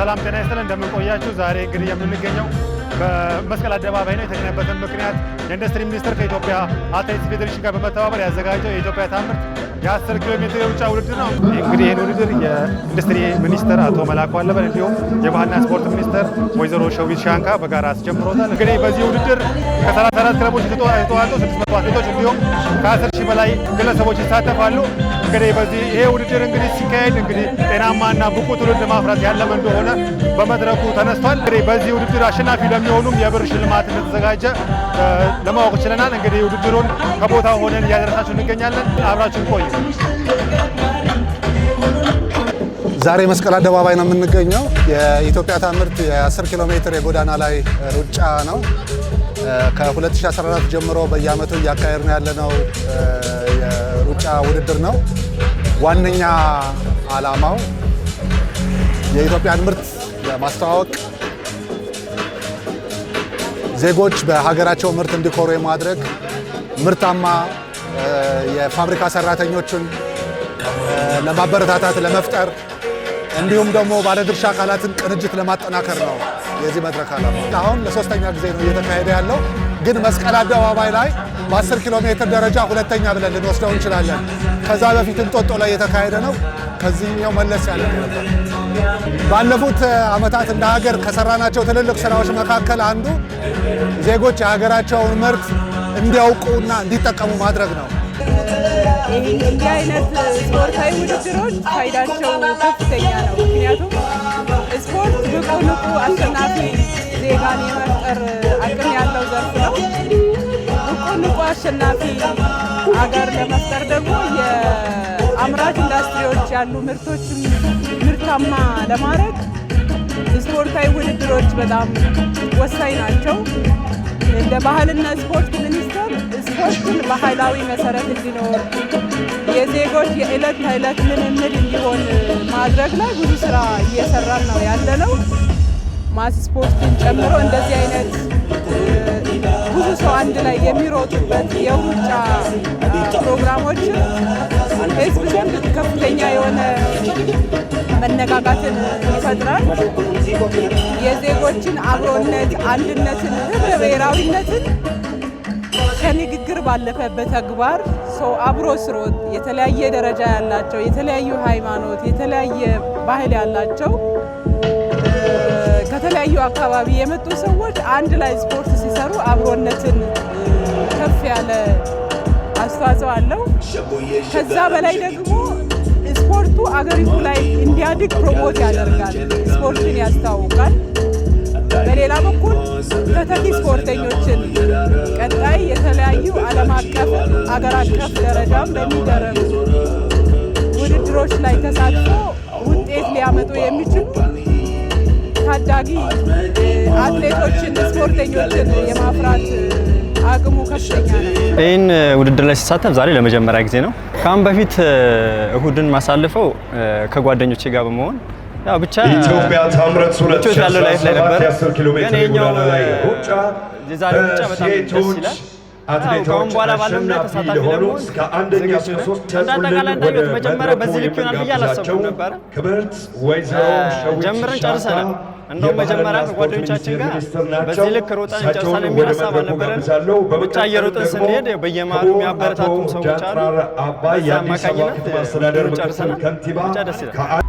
ሰላም ጤና ይስጥልን። እንደምንቆያችሁ። ዛሬ እንግዲህ የምንገኘው በመስቀል አደባባይ ነው። የተገኘበትን ምክንያት የኢንዱስትሪ ሚኒስቴር ከኢትዮጵያ አትሌቲክስ ፌዴሬሽን ጋር በመተባበር ያዘጋጀው የኢትዮጵያ ታምርት የአስር ኪሎ ሜትር የሩጫ ውድድር ነው። እንግዲህ ይህን ውድድር የኢንዱስትሪ ሚኒስትር አቶ መላኩ አለበል እንዲሁም የባህልና ስፖርት ሚኒስትር ወይዘሮ ሸዊት ሻንካ በጋራ አስጀምሮታል። እንግዲህ በዚህ ውድድር ከ34 ክለቦች የተዋጡ 600 አትሌቶች እንዲሁም ከ10 በላይ ግለሰቦች ይሳተፋሉ። እንግዲህ በዚህ ይሄ ውድድር እንግዲህ ሲካሄድ እንግዲህ ጤናማና ብቁ ትውልድ ለማፍራት ያለመ እንደሆነ በመድረኩ ተነስቷል። እንግዲህ በዚህ ውድድር አሸናፊ ለሚሆኑም የብር ሽልማት እንደተዘጋጀ ለማወቅ ችለናል። እንግዲህ ውድድሩን ከቦታ ሆነን እያደረሳችሁ እንገኛለን። አብራችሁ ቆዩ። ዛሬ መስቀል አደባባይ ነው የምንገኘው። የኢትዮጵያ ታምርት የ10 ኪሎ ሜትር የጎዳና ላይ ሩጫ ነው። ከ2014 ጀምሮ በየአመቱ እያካሄድ ነው ያለነው የሩጫ ውድድር ነው። ዋነኛ አላማው የኢትዮጵያን ምርት ለማስተዋወቅ ዜጎች በሀገራቸው ምርት እንዲኮሩ የማድረግ ምርታማ የፋብሪካ ሰራተኞችን ለማበረታታት ለመፍጠር እንዲሁም ደግሞ ባለድርሻ አካላትን ቅንጅት ለማጠናከር ነው የዚህ መድረክ ዓላማ። አሁን ለሶስተኛ ጊዜ ነው እየተካሄደ ያለው፣ ግን መስቀል አደባባይ ላይ በ10 ኪሎ ሜትር ደረጃ ሁለተኛ ብለን ልንወስደው እንችላለን። ከዛ በፊት እንጦጦ ላይ እየተካሄደ ነው። ከዚህኛው መለስ ያለ ነበር። ባለፉት ዓመታት እንደ ሀገር ከሰራናቸው ትልልቅ ስራዎች መካከል አንዱ ዜጎች የሀገራቸውን ምርት እንዲያውቁና እንዲጠቀሙ ማድረግ ነው። ይህ አይነት ስፖርታዊ ውድድሮች ፋይዳቸው ከፍተኛ ነው። ምክንያቱም ስፖርት ብቁ፣ ንቁ፣ አሸናፊ ዜጋን የመፍጠር አቅም ያለው ዘርፍ ነው። ብቁ፣ ንቁ፣ አሸናፊ አገር ለመፍጠር ደግሞ የአምራች ኢንዱስትሪዎች ያሉ ምርቶችን ምርታማ ለማድረግ ስፖርታዊ ውድድሮች በጣም ወሳኝ ናቸው። እንደ ባህልና ስፖርት ሚኒስቴር ስፖርትን ባህላዊ መሰረት እንዲኖር የዜጎች የዕለት ተዕለት ልምምድ እንዲሆን ማድረግ ላይ ብዙ ስራ እየሰራ ነው ያለነው። ማስ ስፖርትን ጨምሮ እንደዚህ አይነት ብዙ ሰው አንድ ላይ የሚሮጡበት የሩጫ ፕሮግራሞችን ህዝብ ዘንድ ከፍተኛ የሆነ መነጋጋትን ይፈጥራል። የዜጎችን አብሮነት፣ አንድነትን፣ ህብረ ብሔራዊነትን ከንግግር ባለፈ በተግባር ሰው አብሮ ስሮት የተለያየ ደረጃ ያላቸው የተለያዩ ሃይማኖት፣ የተለያየ ባህል ያላቸው ከተለያዩ አካባቢ የመጡ ሰዎች አንድ ላይ ስፖርት ሲሰሩ አብሮነትን ከፍ ያለ አስተዋጽኦ አለው። ከዛ በላይ ደግሞ ስፖርቱ አገሪቱ ላይ እንዲያድግ ፕሮሞት ያደርጋል፣ ስፖርትን ያስተዋውቃል። በሌላ በኩል ተተኪ ስፖርተኞችን ቀጣይ የተለያዩ ዓለም አቀፍ አገር አቀፍ ደረጃም በሚደረጉ ውድድሮች ላይ ተሳትፎ ውጤት ሊያመጡ የሚችሉ ታዳጊ አትሌቶችን ስፖርተኞችን የማፍራት አቅሙ ከፍተኛ ነው። ይህን ውድድር ላይ ሲሳተፍ ዛሬ ለመጀመሪያ ጊዜ ነው። ከአሁን በፊት እሁድን ማሳልፈው ከጓደኞቼ ጋር በመሆን ያው ብቻ ኢትዮጵያ ታምረት ሁለት ሺህ አስራ ሰባት የአስር ኪሎ ሜትር የጎዳና ላይ ሩጫ የዛሬ ሩጫ በጣም ደስ ይላል። አትሌቶች አሸናፊ ለሆኑ እስከ አንደኛ እስከ ሶስት ያዙልን ወደ መድረኩ የምንጋብዛቸው ክብርት ወይዘሮ ሸዊት ሻካ እንደውም መጀመሪያ ጓደኞቻችን ጋር በዚህ ልክ ሮጠን እንጨርሳለን የሚል ሀሳብ አልነበረን። ብቻ ስንሄድ በየመሀሉ የሚያበረታቱም ሰዎች አሉ። በዛ አማካኝነት ጨርሰናል። ብቻ ከንቲባ ከአ